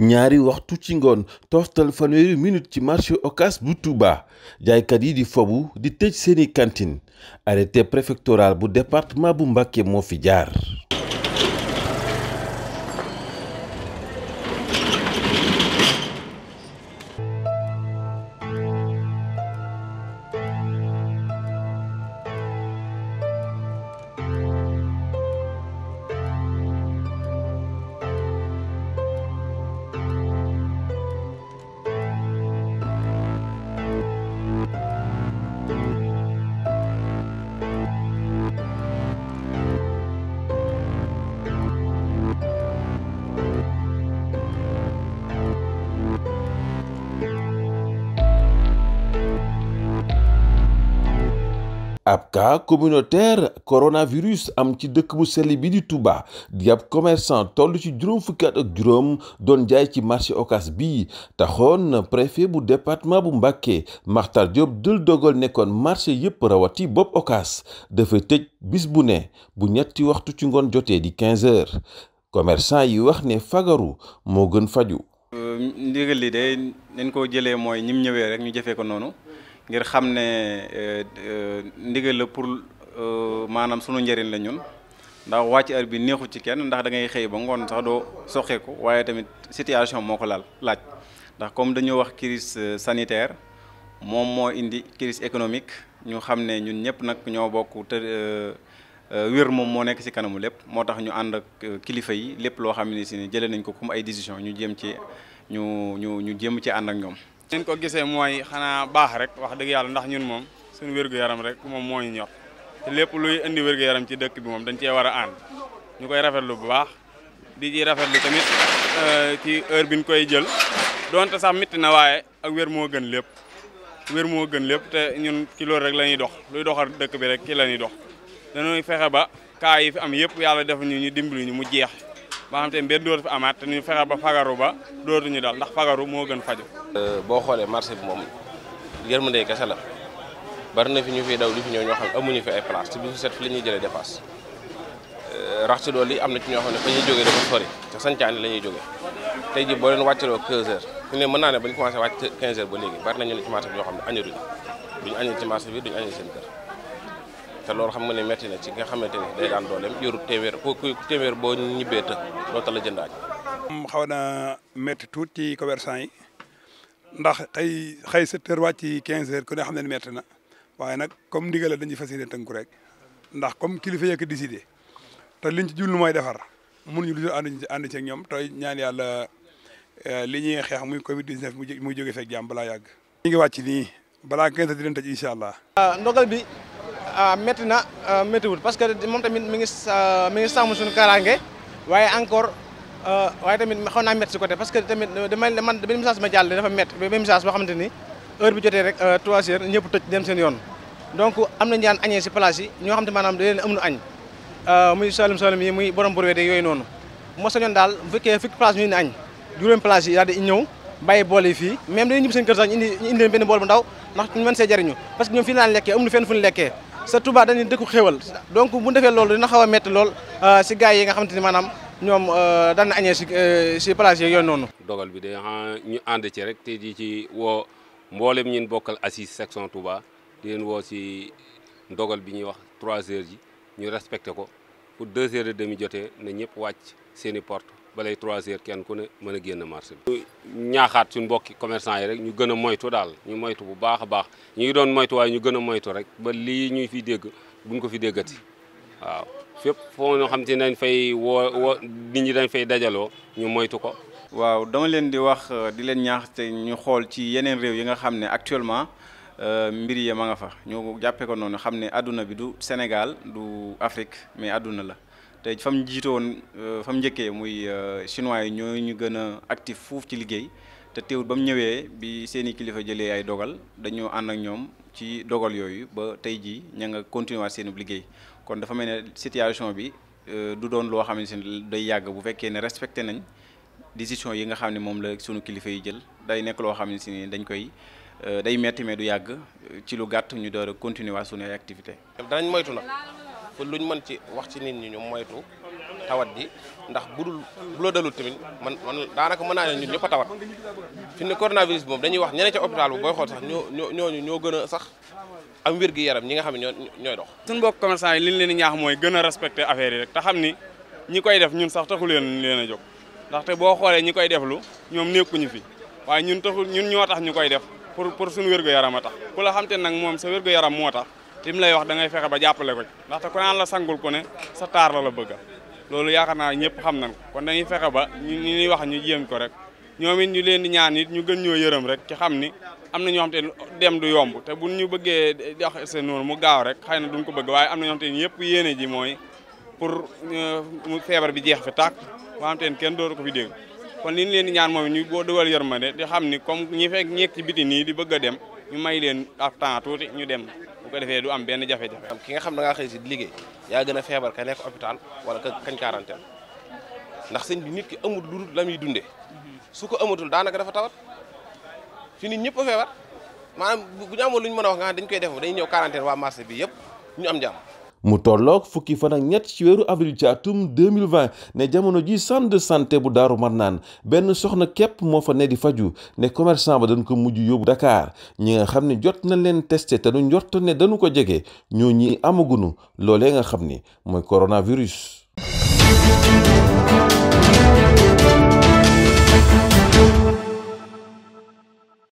ñaari waxtu ci ngoon tooftal fanweeri minute ci marché Ocass bu Touba jaaykat yi di fobu di tëj seeni cantine arrêté préfectoral bu département bu Mbacké moo fi jaar ab communautaire coronavirus am ci dëkk bu sell bi di Touba di commerçant toll ci juróom fukki ak juróom doon jaay ci marché Ocass bi taxoon préfet bu département bu Mbacké Diop dël dogal marché yépp rawati bis bu ne bu ñetti waxtu ci di 15 heures commerçant yi wax ne fagaru moo gën faju euh, ndigal li de ñim rek ñu ko ngir xam ne euh, euh, ndigal la pour euh, maanaam sunu njëriñ la ñun ndax wàcc heure bi neexu ci kenn ndax da ngay xëy ba ngoon sax doo soxee ko waaye tamit situation moo ko laal laaj ndax comme dañoo wax crise sanitaire moom moo indi crise économique ñu xam ne ñun ñëpp nag ñoo bokk te wér moom moo nekk ci kanamu lépp moo tax ñu ànd ak kilifa yi lépp loo xam ne si ni jëlee nañ ko comme ay décision ñu jéem ci ñu ñu ñu jéem ci ànd ak ñoom ngeen ko gisee mooy xanaa baax rek wax dëgg yàlla ndax ñun moom suñu wér yaram rek moom mooy ñor te lépp luy indi wér yaram ci dëkk bi moom dañ cee war a ànd ñu koy rafetlu bu baax di ci rafet rafetlu tamit euh, ci heure bi koy jël donte sax métti na waaye ak wér moo gën lépp wér moo gën lépp te ñun ci rek la ñuy dox luy doxal dëkk bi rek ci la ñuy dox dañuy fexe ba cas yi fi am yëpp yàlla def ñu ñu dimbali ñu mu jeex ba xam te mbir dootu fi amaat te ñu fexe ba fagaru ba dootuñu dal ndax fagaru moo gën faju euh, boo xoolee marché bi moom yërmande kese la bari na fi ñu fi daw li fi ñëw ñoo xam amuñu fi ay place ci bisu set la ñuy jëlee dépasse euh, rax ci dool yi am na ci ñoo xam ne fa ñuy jógee dafa sori ca sancaani la ñuy jógee tey ji boo leen wàccaloo 15 heures fi ne mën naa ne ba ñu commencé wàcc 15 heures ba léegi bari ñu ne ci marché bi ñoo xam ne añaruñ duñu añee ci marché te loolu xam nga ne métti na ci nga xamante ni day daan dooleem yorut téeméer ku téeméer boo ñibbee të doo tala jënd añ moom xaw na métti tuuti ci commerçant yi ndax xëy xëy 7 heures wàcc 15 heures ku ne xam ne métti na waaye nag comme ndigal la dañuy fas yéene tënku rek ndax comme kilifa yekk décidé te liñ ci jublu mooy defar mënuñu lu ànd ci ànd ceeg ñoom te ñaan yàlla eh, li ñuy xeex muy Covid 19 mu jóge fekk jàmm balaa yàgg. ñu ngi wàcc nii balaa 15 heures dinañ ta incha allah. Ah, Ah, métti na ah, méttiwul parce que moom ah, si côté parce que tamit benn message ma jàll dafa métti benn message boo xamante heure bi jotee rek trois ñëpp tëj dem seen yoon donc am na ñaan añee si place yi ñoo xam te de yooyu noonu moo sañoon daal bu fekkee fukki place ñu indi añ juróomi place yi ñëw bàyyi bool fii même dañuy ñibbi seen kër sax ñu indi ñu indi leen bool bu ndaw ndax ñu mën see jariñu parce que ñoom fii laan lekkee amuñu fenn fu ñu lekkee sa Touba dañuy dëkku xéwal donc bu defee loolu dina xaw a métti lool euh, si gars yi nga xamante ni maanaam ñoom euh, daan na añee si euh, si place yooyu noonu. dogal bi de ah, ñu ànd ci rek te di ci woo mboolem ñin bokkal assise section Touba di woo si ndogal bi ñuy wax trois heures ji ñu respecté ko pour 2 heures et demi jotee na ñëpp wàcc seeni porte balay 3 h kenn ku ne mën a génn marché bi. ñaaxaat suñu mbokki commerçant yi rek ñu gën a moytu daal ñu moytu bu baax a baax ñu doon moytu waaye ñu gën a moytu rek ba lii ñuy fi dégg buñ ko fi déggati waaw fépp foo ñoo xam te nañ fay woo woo nit ñi dañ fay dajaloo ñu moytu ko. waaw dama leen di wax di leen ñaax te ñu xool ci yeneen réew yi nga xam ne actuellement. Euh, mbir yi ma nga fa ñu jàppee ko noonu xam ne àdduna bi du Sénégal du Afrique mais àdduna la te fa mu jiite woon euh, fa mu njëkkee muy euh, chinois yi ñoo ñu gën a actif foofu ci liggéey te teewul ba mu ñëwee bi seeni kilifa jëlee ay dogal dañoo ànd ak ñoom ci dogal yooyu ba tey jii ña nga continuer seen liggéey kon dafa mel ne situation bi euh, du doon loo xamante ni day yàgg bu fekkee ne respecté nañ décision yi nga xam ne moom la sunu kilifa yi jël day nekk loo xam ne si ni dañ koy. Euh, day metti mais du yàgg ci lu gàtt ñu door a continuer waa suñu activité danañ moytu nag fu luñ mën ci wax ci nit ñi ñu moytu tawat ji ndax budul bu la dalul tamit man man daanaka mën naa ne ñun ñëpp a tawat fi ne coronavirus bi moom dañuy wax ñeneen ca hôpital bu booy xool sax ñoo ñoo ñooñu ñoo gën sax am wér gi yaram ñi nga xam ne ñoo ñooy dox suñ mbokk commerçant yi liñ leen ñaax mooy gën a affaire yi te ni ñi koy def ñun sax taxu leen leen a jóg ndaxte boo xoolee ñi koy deflu ñoom nekkuñu fi waaye ñun taxul ñun ñoo tax ñu koy def pour pour suñu wér-gu-yaram a tax ku la xam te nag moom sa wér yaram moo tax li lay wax dangay fexe ba jàppale ko ndaxte ku naan la sangul ko ne sa taar la la bëgg loolu yaakaar naa ñëpp xam nañ kon dañuy fexe ba ñu ñuy wax ñu jéem ko rek ñoom it ñu leen di ñaan it ñu gën ñoo yërëm rek ci xam ni am na ñoo xam te dem du yomb te buñ ñu bëggee jox seen noonu mu gaaw rek xëy na duñ ko bëgg waaye am na ñoo xam te ñëpp yéene ji mooy pour euh, mu feebar bi jeex fi tàkk boo kenn dootu ko fi dégg kon liin leen di ñaan moom ñu boo dugal yërmande di xam ni comme ñi fekk ñeeg ci biti nii di bëgg a dem ñu may leen ab temps tuuti ñu dem bu ko defee du am benn jafe-jafe. ki nga xam da ngaa xëy si di liggéey yaa gën a feebar ka nekk hôpital wala ka kañ quarantaine ndax sëñ bi nit ki amul lu la muy dundee su ko amatul daanaka dafa tawat fi nit ñëpp a feebar maanaam bu ñu amoon lu ñu mën a wax nga dañ koy def dañuy ñëw quarantaine waa marché bi yëpp ñu am jàmm. mu tolloog fukki fan ak ñett ci weeru avril ci atum 2020 ne jamono ji centre de santé bu daaru marnaan benn soxna képp moo fa ne di faju ne commerçant ba dañ ko mujj yóbbu Dakar ñi nga xam ne jot na leen teste te nu njort ne dañu ko jege ñoo ñi amaguñu loolee nga xam ni mooy coronavirus